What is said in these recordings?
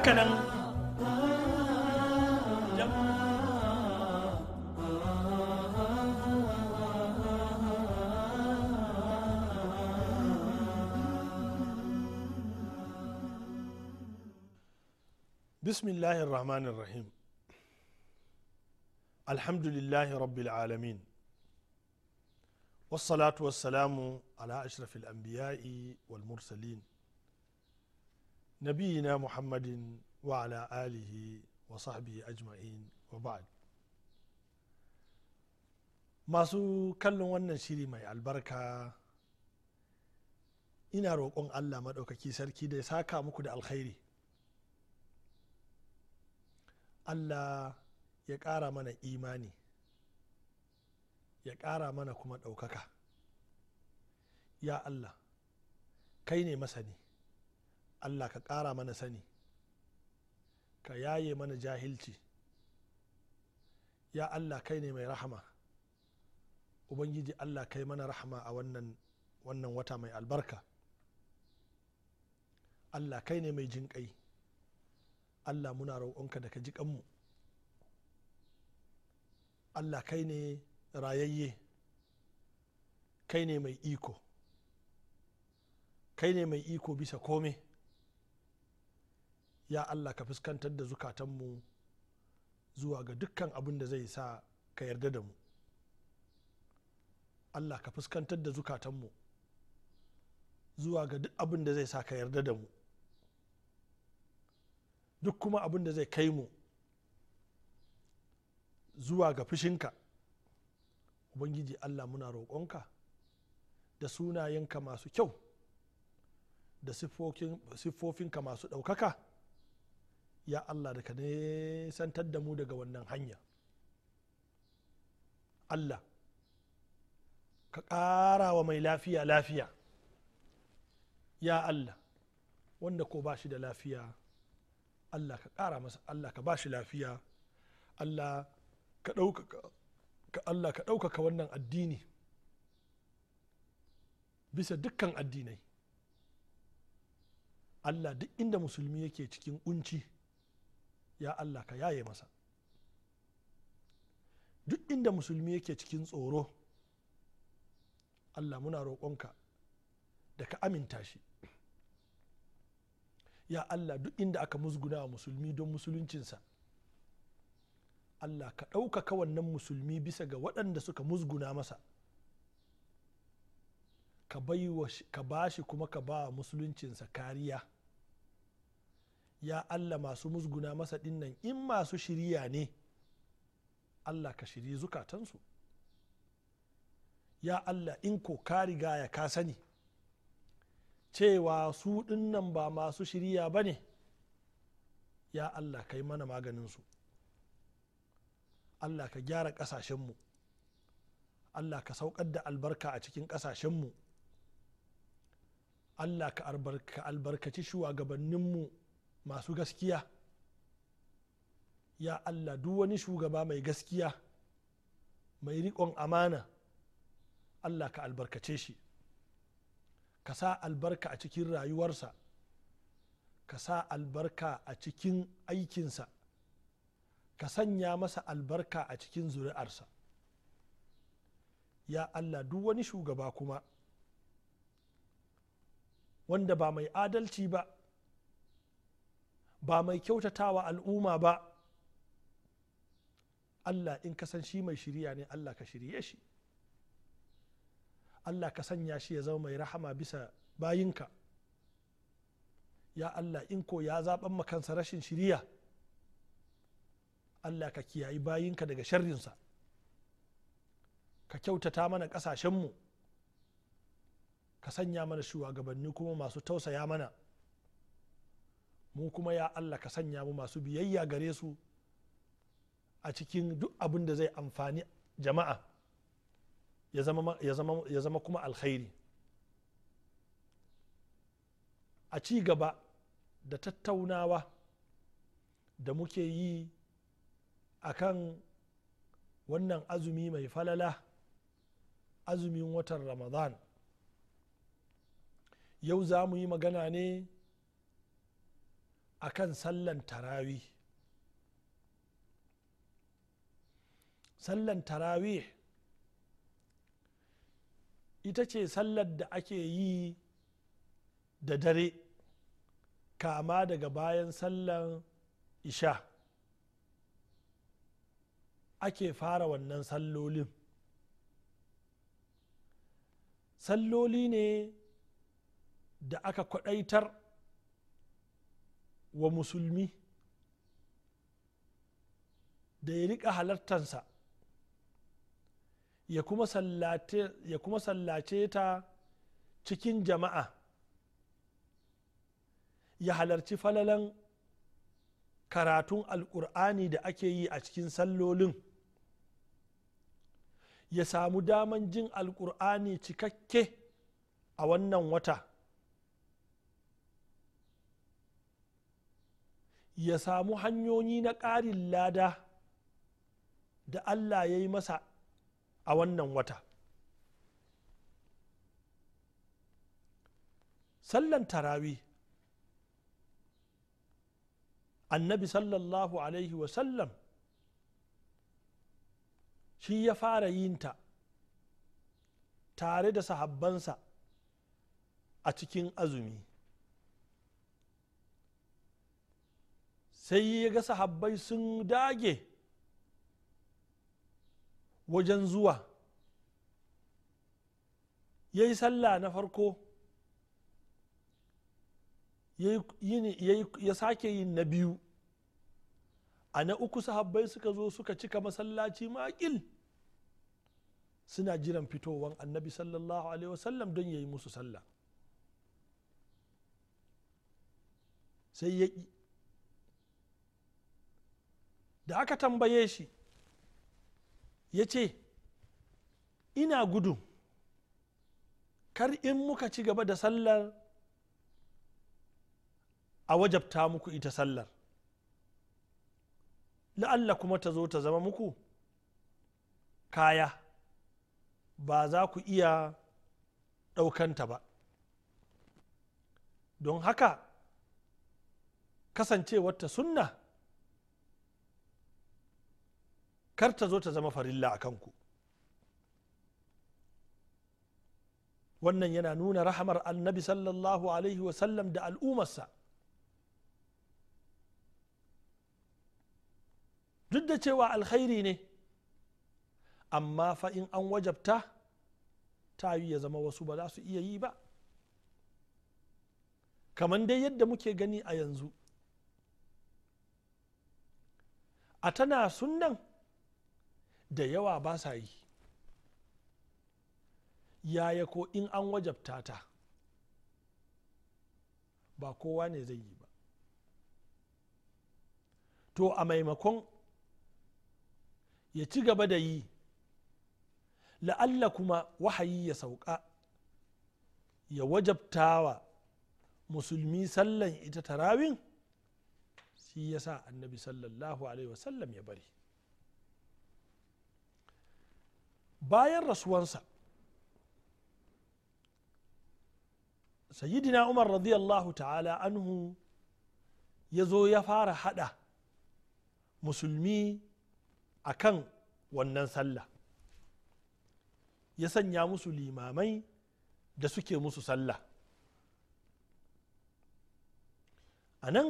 haka nan بسم الله الرحمن الرحيم الحمد لله رب العالمين والصلاة والسلام على أشرف الأنبياء والمرسلين نبينا محمد wa آله وصحبه wa ba'ad masu kallon wannan shiri mai albarka ina roƙon allah maɗaukaki sarki da ya saka muku da alkhairi allah ya ƙara mana imani ya ƙara mana kuma ɗaukaka ya allah kai ne masani allah ka ƙara mana sani ka yaye mana jahilci ya allah kai ne mai rahama ubangiji allah kai mana rahama a wannan wannan wata mai albarka allah kai ne mai jinƙai allah muna roƙonka da ka ji kanmu allah kai ne rayayye kai ne mai iko kai ne mai iko bisa komai. ya allah ka fuskantar da zukatanmu zuwa ga dukkan abin da zai sa ka yarda da mu allah ka fuskantar da zukatanmu zuwa ga duk abin da zai sa ka yarda da mu duk kuma abin da zai kai mu zuwa ga fushinka ubangiji allah muna roƙonka da sunayenka masu kyau da siffofinka masu ɗaukaka ya allah da ka nesantar da mu daga wannan hanya allah ka ƙara wa mai lafiya lafiya ya allah wanda ko ba shi da lafiya allah ka ƙara masa allah ka ba shi lafiya allah ka ɗaukaka allah ka ɗaukaka wannan addini bisa dukkan addinai allah duk inda musulmi yake cikin kunci ya allah ka yaye masa duk inda musulmi yake cikin tsoro allah muna roƙonka da ka aminta shi ya allah duk inda aka musguna wa musulmi don musuluncinsa allah ka ɗaukaka wannan musulmi bisa ga waɗanda suka musguna masa ka ba shi kuma ka ba musuluncinsa kariya ya allah masu musguna masa dinnan in masu shirya ne allah ka shiri zukatansu ya allah in ko ka riga ya ka sani cewa su dinnan ba masu shirya ba ne ya allah ka yi mana maganinsu allah ka gyara ƙasashenmu allah ka saukar da albarka a cikin ƙasashenmu allah ka albarkaci shugabanninmu masu gaskiya ya allah duk wani shugaba mai gaskiya mai riƙon amana allah ka albarkace shi ka sa albarka a cikin rayuwarsa ka sa albarka a cikin aikinsa ka sanya masa albarka a cikin zuri'arsa ya allah duk wani shugaba kuma wanda ba mai adalci ba ba mai kyautatawa al'umma ba allah in ka san shi mai shirya ne allah ka shirye shi allah ka sanya shi ya zama mai rahama bisa bayinka ya allah in ko ya zaɓan makansa rashin shiriya allah ka kiyayi bayinka daga sharrinsa ka kyautata mana ƙasashenmu ka sanya mana shugabanni kuma masu tausaya mana mu kuma ya allah ka sanya mu masu biyayya gare su a cikin duk abin da zai amfani jama'a ya zama kuma alkhairi a ci gaba da tattaunawa da muke yi a kan wannan azumi mai falala azumin watan ramadan yau za mu yi magana ne akan sallan tarawi sallan tarawi ita ce sallar da ake yi da dare kama daga bayan sallan isha ake fara wannan sallolin salloli ne da aka kwadaitar wa musulmi da ya riƙa halartansa ya kuma sallace ta cikin jama'a ya halarci falalan karatun Alƙur'ani da ake yi a cikin sallolin ya samu daman jin Alƙur'ani cikakke a wannan wata ya samu hanyoyi na ƙarin lada da allah ya yi masa a wannan wata sallan tarawi annabi sallallahu alaihi wasallam shi ya fara yinta tare da sahabbansa a cikin azumi sai ya ga sahabbai sun dage wajen zuwa ya yi sallah na farko ya sake yin na biyu a na uku sahabbai suka zo suka cika masallaci makil suna jiran fitowan annabi sallallahu alaihi wasallam don ya yi musu sallah sai ya da aka tambaye shi ya ce ina gudu kar in muka ci gaba da sallar a wajabta muku ita sallar la'alla kuma ta zo ta zama muku kaya ba za ku iya ɗaukanta ba don haka kasancewar ta sunna kar ta zo ta zama farilla a kanku wannan yana nuna rahamar annabi sallallahu alaihi wasallam da al'umarsa duk da cewa alkhairi ne amma fa in an wajabta ta yi ya zama wasu ba za su iya yi ba kamar dai yadda muke gani a yanzu a tana sunan da yawa ba sa yi yaya ko in an wajabta ta ba kowa ne zai yi ba to a maimakon ya ci gaba da yi la'alla kuma wahayi ya sauka ya wajabta wa musulmi sallan ita tarawin shi ya sa annabi sallallahu alaihi wasallam ya bari bayan rasuwansa sayyidina umar radiyallahu ta'ala anhu ya zo ya fara hada musulmi a kan wannan sallah ya sanya musu limamai da suke musu sallah a nan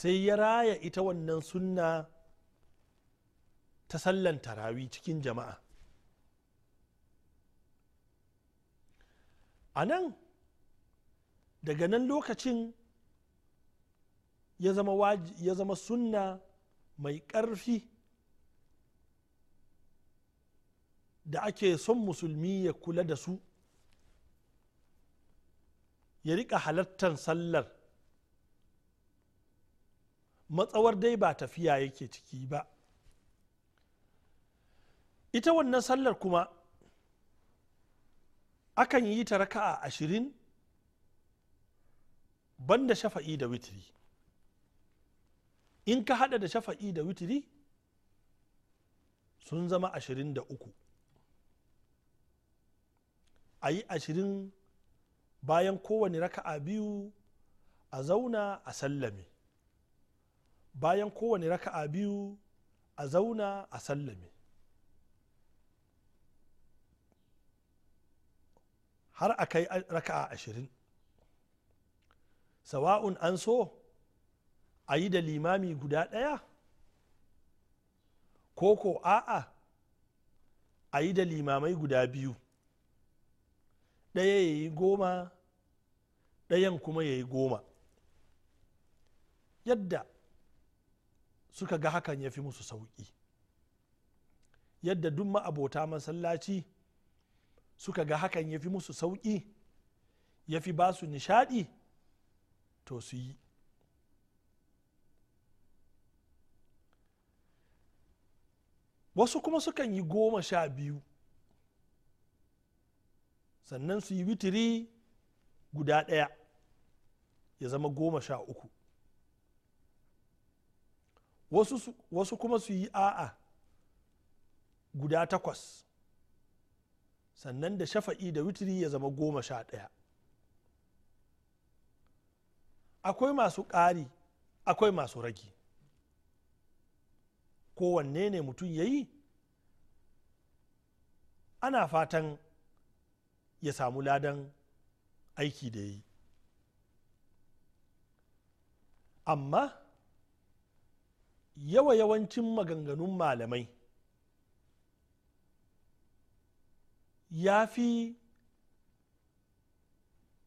sai ya raya ita wannan sunna ta sallan tarawi cikin jama'a a nan daga nan lokacin ya zama sunna mai ƙarfi da ake son musulmi ya kula da su ya riƙa halartar sallar matsawar dai ba tafiya yake ciki ba ita wannan sallar kuma akan yi ta raka'a ashirin ban da shafa'i da witiri in ka hada da shafa'i da witiri sun zama ashirin da uku a yi ashirin bayan kowane raka'a biyu a zauna a sallame bayan kowane raka'a biyu a zauna a sallame har a kai raka'a ashirin sawa'un an so a yi da limami guda ɗaya ko ko a'a a yi da limamai guda biyu ɗaya ya yi goma ɗayan kuma ya yi goma yadda suka ga hakan ya fi musu sauƙi yadda duk ma'abota masallaci suka ga hakan ya fi musu sauƙi ya fi ba su nishaɗi to su yi wasu kuma sukan yi goma sha biyu sannan su yi witiri guda ɗaya ya zama goma sha uku wasu, kuma su yi a'a guda takwas sannan da shafa'i da witiri ya zama goma sha ɗaya akwai masu ƙari akwai masu ragi kowanne ne mutum ya yi ana fatan ya samu ladan aiki da yi amma yawa yawancin maganganun malamai ya fi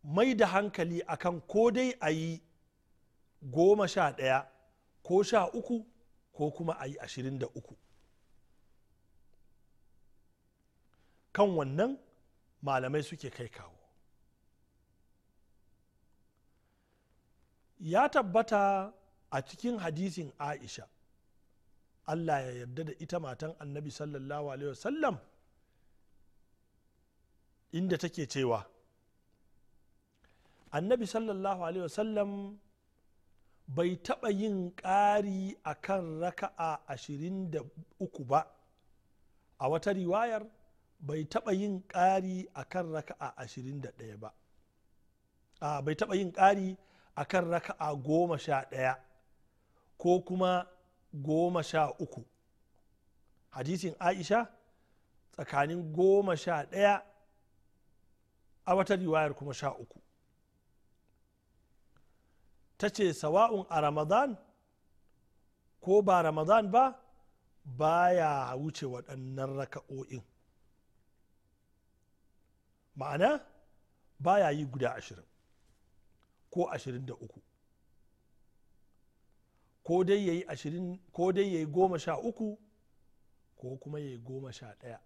mai da hankali akan ko dai a yi goma sha ɗaya ko sha uku ko kuma a yi ashirin da uku kan wannan malamai suke kai kawo ya tabbata a cikin hadisin aisha allah ya yarda da ita matan annabi sallallahu alaihi wasallam inda take cewa annabi sallallahu alaihi wasallam bai taɓa yin ƙari a kan raka'a ashirin da uku ba a wata riwayar bai taɓa yin ƙari a kan raka'a ashirin da ɗaya ba a bai taɓa yin ƙari a kan raka'a goma sha ɗaya ko kuma goma sha uku hadisin aisha tsakanin goma sha ɗaya a wata riwayar kuma sha uku ta ce sawa'un a ramadan ko ba ramadan ba baya wuce waɗannan raka'o'in ma'ana baya yi guda ashirin ko ashirin da uku ko dai ya yi goma sha uku ko kuma ya yi goma sha ɗaya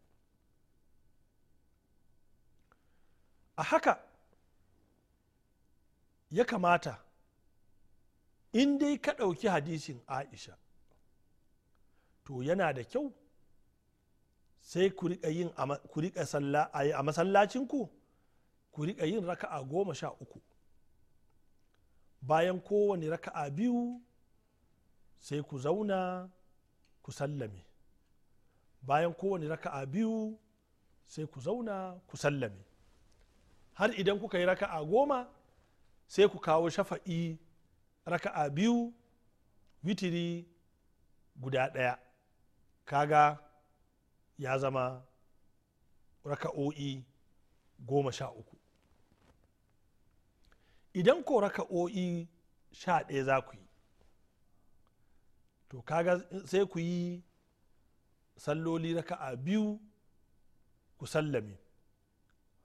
a haka ya kamata in dai ka ɗauki hadisin aisha to yana da kyau sai ku riƙa yin a masallacinku ku riƙa yin raka'a goma sha uku bayan kowane raka'a biyu sai ku zauna ku sallame bayan kowane raka'a biyu sai ku zauna ku sallame har idan kuka yi raka'a goma sai ku kawo shafa'i raka'a biyu witiri guda ɗaya kaga ya zama raka'o'i goma sha uku idan ko raka'o'i sha ɗaya za ku yi to kaga sai ku yi salloli raka'a biyu ku sallame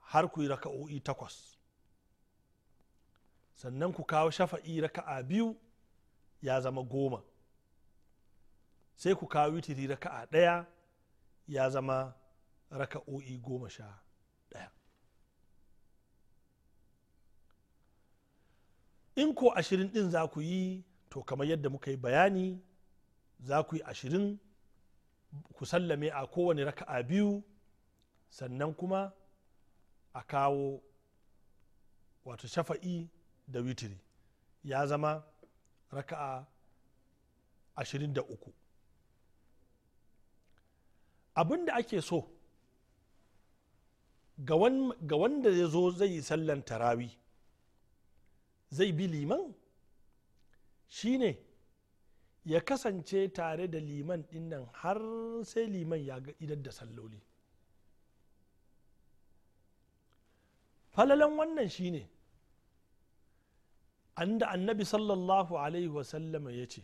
har ku yi raka'o'i takwas sannan ku kawo shafa'i raka'a biyu ya zama goma sai ku kawo witiri raka'a ɗaya ya zama raka'o'i goma sha ɗaya in ko ashirin ɗin za ku yi to kamar yadda muka yi bayani za ku yi ashirin ku sallame a kowane raka'a biyu sannan kuma a kawo wato shafa'i da witiri ya zama raka'a 23 abin da ake so ga wanda ya zo zai yi sallan tarawi zai bi liman Shi ne ya kasance tare da liman dinnan har sai liman ya ga idar da salloli falalan wannan shine an annabi sallallahu alaihi wasallama ya ce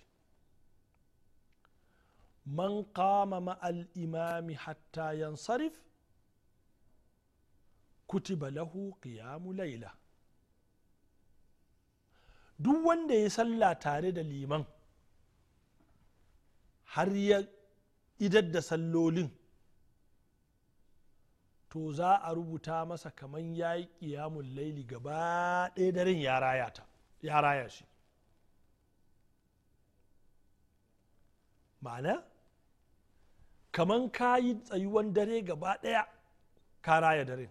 man kama ma'al imami hatta yansarif kutiba lahu qiyamu laila duk wanda ya sallah tare da liman har ya idar da sallolin to za a rubuta masa kamar ya yi ƙiyamun laili gaba ɗaya daren ya raya shi ma'ana kamar ka yi tsayuwan dare gaba ɗaya ka raya daren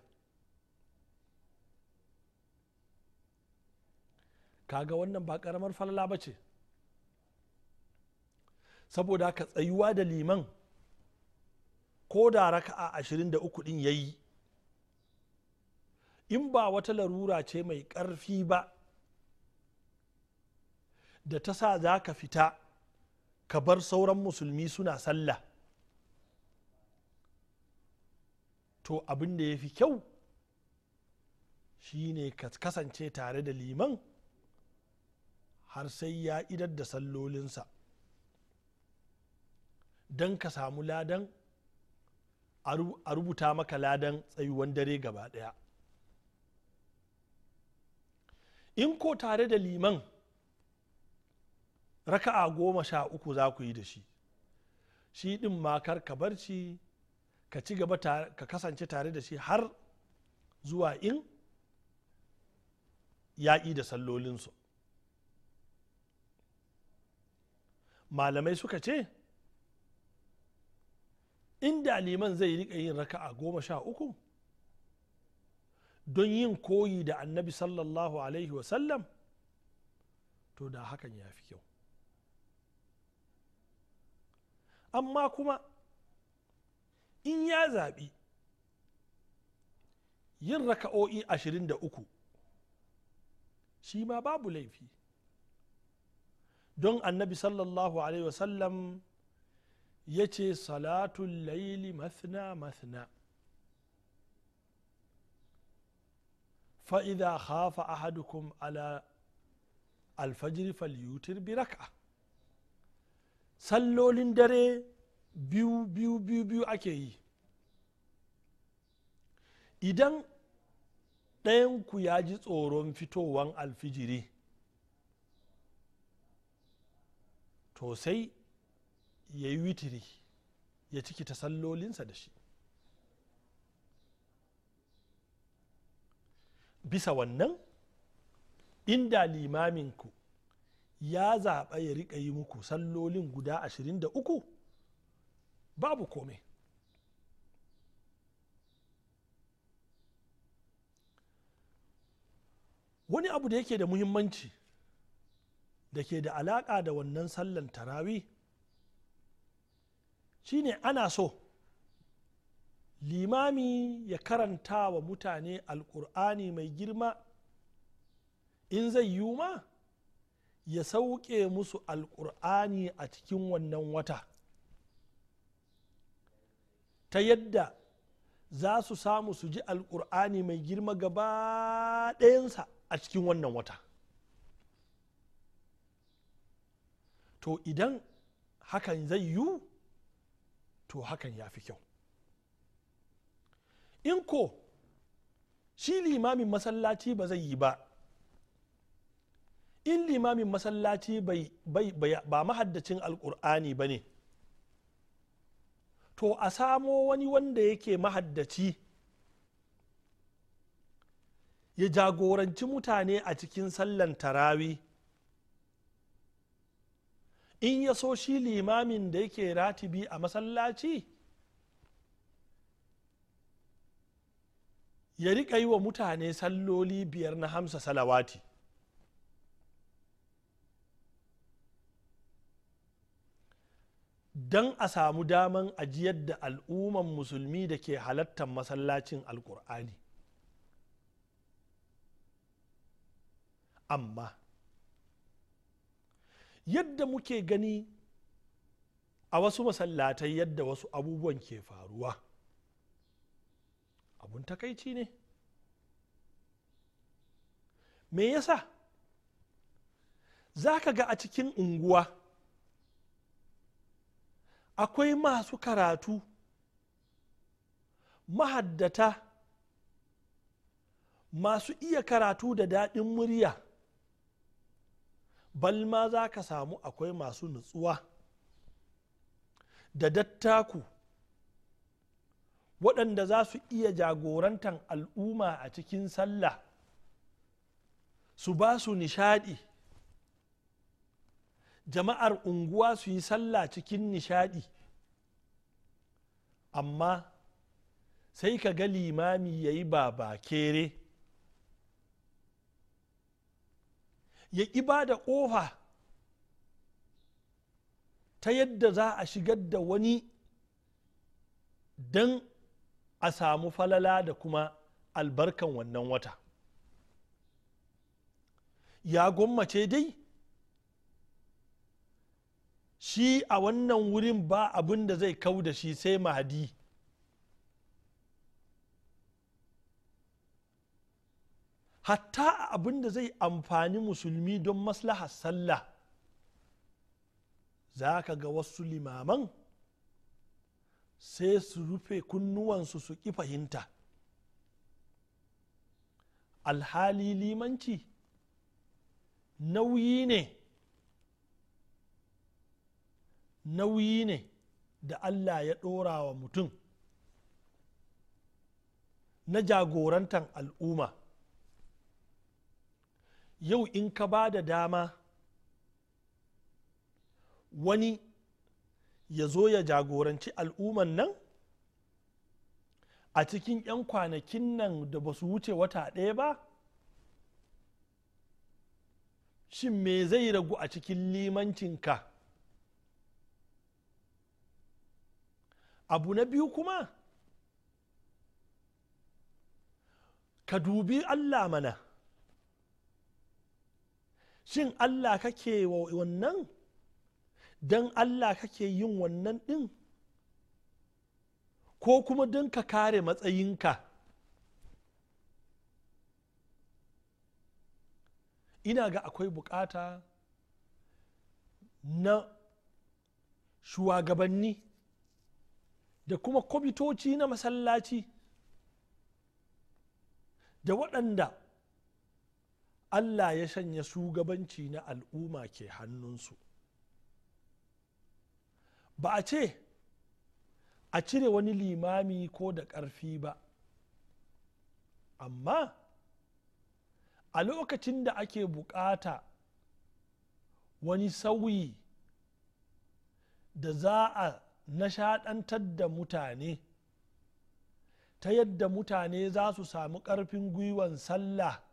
kaga wannan ba ƙaramar falala ba ce saboda ka tsayuwa da liman ko da raka'a 23 din yayi in ba wata larura ce mai ƙarfi ba da ta sa za ka fita ka bar sauran musulmi suna sallah to abin da ya fi kyau shi ne ka kasance tare da liman har sai ya idar da sallolinsa don ka samu ladan a rubuta maka ladan tsayuwan dare gaba daya in ko tare da liman raka'a goma sha uku za ku yi da shi shi din makar ka barci ka ci gaba ka kasance tare da shi har zuwa in yaƙi da sallolinsu malamai suka ce inda liman zai rika yin raka'a goma sha uku don yin koyi da annabi sallallahu alaihi wasallam to da hakan ya fi kyau amma kuma in ya zaɓi yin raka'o'i ashirin da uku shi ma babu laifi don annabi sallallahu alaihi wasallam ya ce salatun laili mathna mathna fa'iza hafa ahadukum ala alfajiri falyutir biraka sallolin dare biyu biyu biyu biyu ake yi idan ɗayanku ya ji tsoron fitowan alfijiri to sai ya yi witiri ya ciki ta sallolinsa da shi bisa wannan inda limaminku ya zaɓa ya riƙa yi muku sallolin guda ashirin da uku babu komai wani abu da yake da muhimmanci da ke da alaƙa da wannan sallan tarawi shine ana so limami ya karanta wa mutane alkur'ani mai girma in zai yiwu ma ya sauke musu alkur'ani a cikin wannan wata ta yadda za su samu su ji alkur'ani mai girma gaba ɗayansa a cikin wannan wata to idan hakan zai yiwu to hakan ya fi kyau in ko shi limamin masallaci ba zai yi ba in limamin masallaci ba mahaddacin alkur'ani ba ne to a samo wani wanda yake mahaddaci ya jagoranci mutane a cikin sallan tarawi in ya so shi limamin da yake ratibi a masallaci ya riƙa yi wa mutane salloli biyar na hamsa salawati don a samu daman ajiyar da al'umman musulmi da ke halattar masallacin alkur'ani amma yadda muke gani a wasu masallatai yadda wasu abubuwan ke faruwa abun takaici ne me yasa za ka ga a cikin unguwa akwai masu karatu mahaddata masu iya karatu da daɗin murya balma za ka samu akwai masu nutsuwa da dattaku waɗanda za su iya jagorantar al'umma a cikin sallah su ba su nishaɗi jama'ar unguwa su yi sallah cikin nishaɗi amma sai ka ga limami ya yi baba kere ya iba da ƙofa ta yadda za a shigar da wani don a samu falala da kuma albarkan wannan wata ya gwammace dai shi a wannan wurin ba abin da zai kau da shi sai mahadi hatta abin da zai amfani musulmi don maslaha sallah za ka ga wasu limaman sai su rufe kunnuwansu su ƙi fahimta alhali limanci nauyi ne nauyi ne da allah ya ɗora wa mutum na jagorantar al'umma yau in ka ba da dama wani ya zo ya jagoranci al'umman nan a cikin 'yan kwanakin nan da ba su wuce wata ɗaya ba shin me zai ragu a cikin limancinka abu na biyu kuma ka dubi allah mana shin allah kake wa wannan don allah kake yin wannan ɗin ko kuma don ka kare matsayinka ina ga akwai bukata na shugabanni da kuma kwamitoci na masallaci da waɗanda allah ya shanya shugabanci na al'umma ke hannunsu ba a ce a cire wani limami ko da ƙarfi ba amma a lokacin da ake bukata wani sauyi da za a nashaɗantar da mutane ta yadda mutane za su samu ƙarfin gwiwan sallah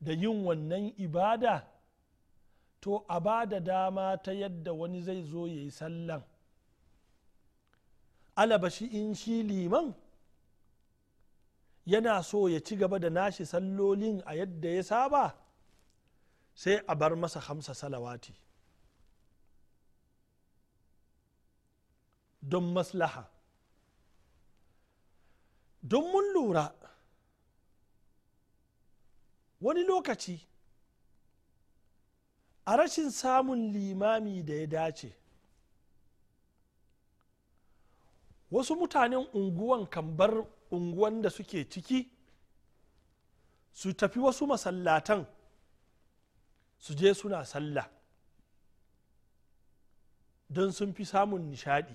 da yin wannan ibada to a ba da dama ta yadda wani zai zo ya yi sallan alabashi in shi liman yana so ya ci gaba da nashi sallolin a yadda ya saba sai a bar masa hamsa salawati don maslaha don mun lura wani lokaci a rashin samun limami da ya dace wasu mutanen unguwan kan bar unguwan da suke ciki su tafi wasu masallatan su je suna sallah don sun fi samun nishadi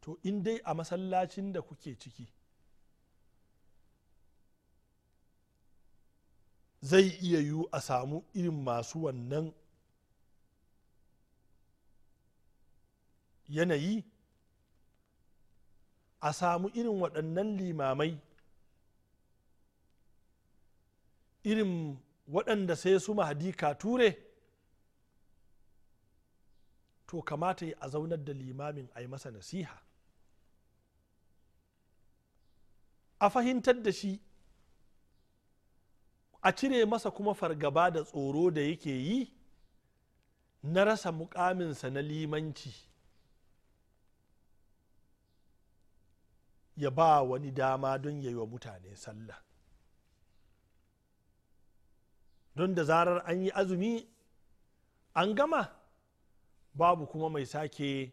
to in dai a masallacin da kuke ciki zai iya yiwu a samu irin masu wannan yanayi a samu irin waɗannan limamai irin waɗanda sai su mahadi ture to kamata yi a zaunar da limamin a yi masa nasiha a fahimtar da shi a cire masa kuma fargaba da tsoro da yake yi na rasa mukaminsa na limanci ya ba wani dama don ya yi wa mutane sallah don da zarar an yi azumi an gama babu kuma mai sake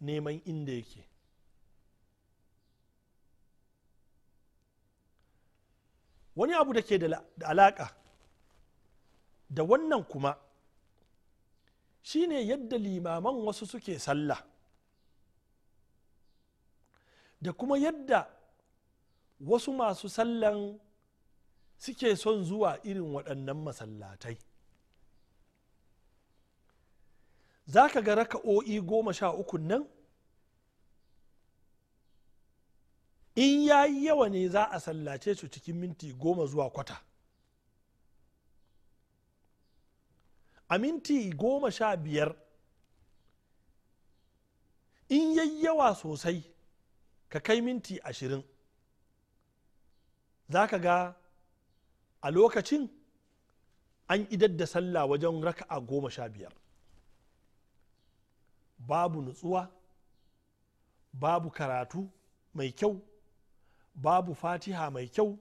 neman inda yake wani abu da ke da alaƙa da wannan kuma shine yadda limaman wasu suke sallah da kuma yadda wasu masu sallan suke son zuwa irin waɗannan masallatai za ka ga raka'o'i goma sha ukun nan in ya yi yawa ne za a sallace su cikin minti goma zuwa kwata a minti goma sha biyar in yi yawa sosai ka kai minti ashirin za ka ga a lokacin an idar da sallah wajen raka a goma sha biyar babu nutsuwa babu karatu mai kyau babu fatiha mai kyau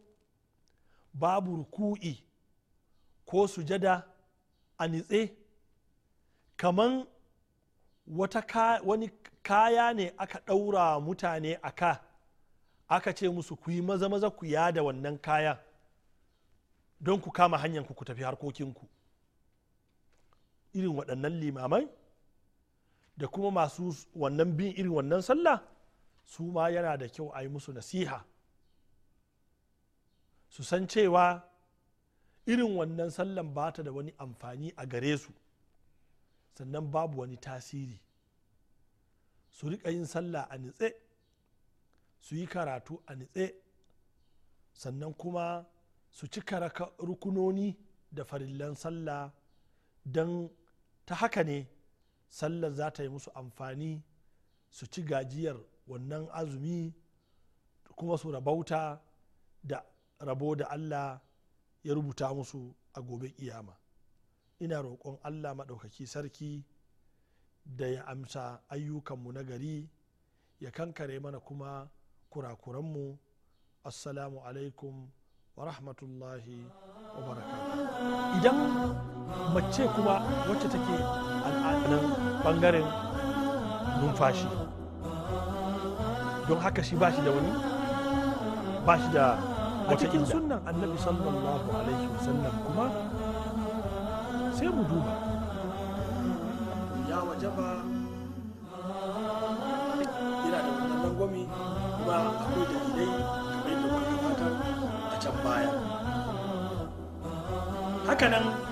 babu ruku'i ko sujada a nitse kaman wata ka, wani kaya ne aka ɗaura mutane a ka aka ce musu ku yi maza maza ku da wannan kaya don ku kama hanyar ku tafi harkokinku irin waɗannan limamai da kuma masu wannan bin irin wannan sallah su ma yana da kyau a yi musu nasiha su san cewa irin wannan sallan ba ta da wani amfani a gare su sannan babu wani tasiri su riƙa yin sallah a nitse su yi karatu a nitse sannan kuma su cika rukunoni da farillan sallah don ta haka ne sallar za ta yi musu amfani su ci gajiyar wannan azumi kuma su rabauta da rabo da allah ya rubuta musu a gobe kiyama ina roƙon allah maɗaukaki sarki da ya amsa ayyukanmu na gari ya kankare mana kuma kurakuranmu assalamu alaikum wa rahmatullahi wa baraka. idan mace kuma wacce take al'adunan bangaren numfashi don haka shi ba shi da wani ba shi da a cikin sunan annabi sallallahu alaihi wasallam kuma sai mu duba ya waje ba yana da wadannan langwami kuma akwai da dalilai kamar yadda muka a can baya hakanan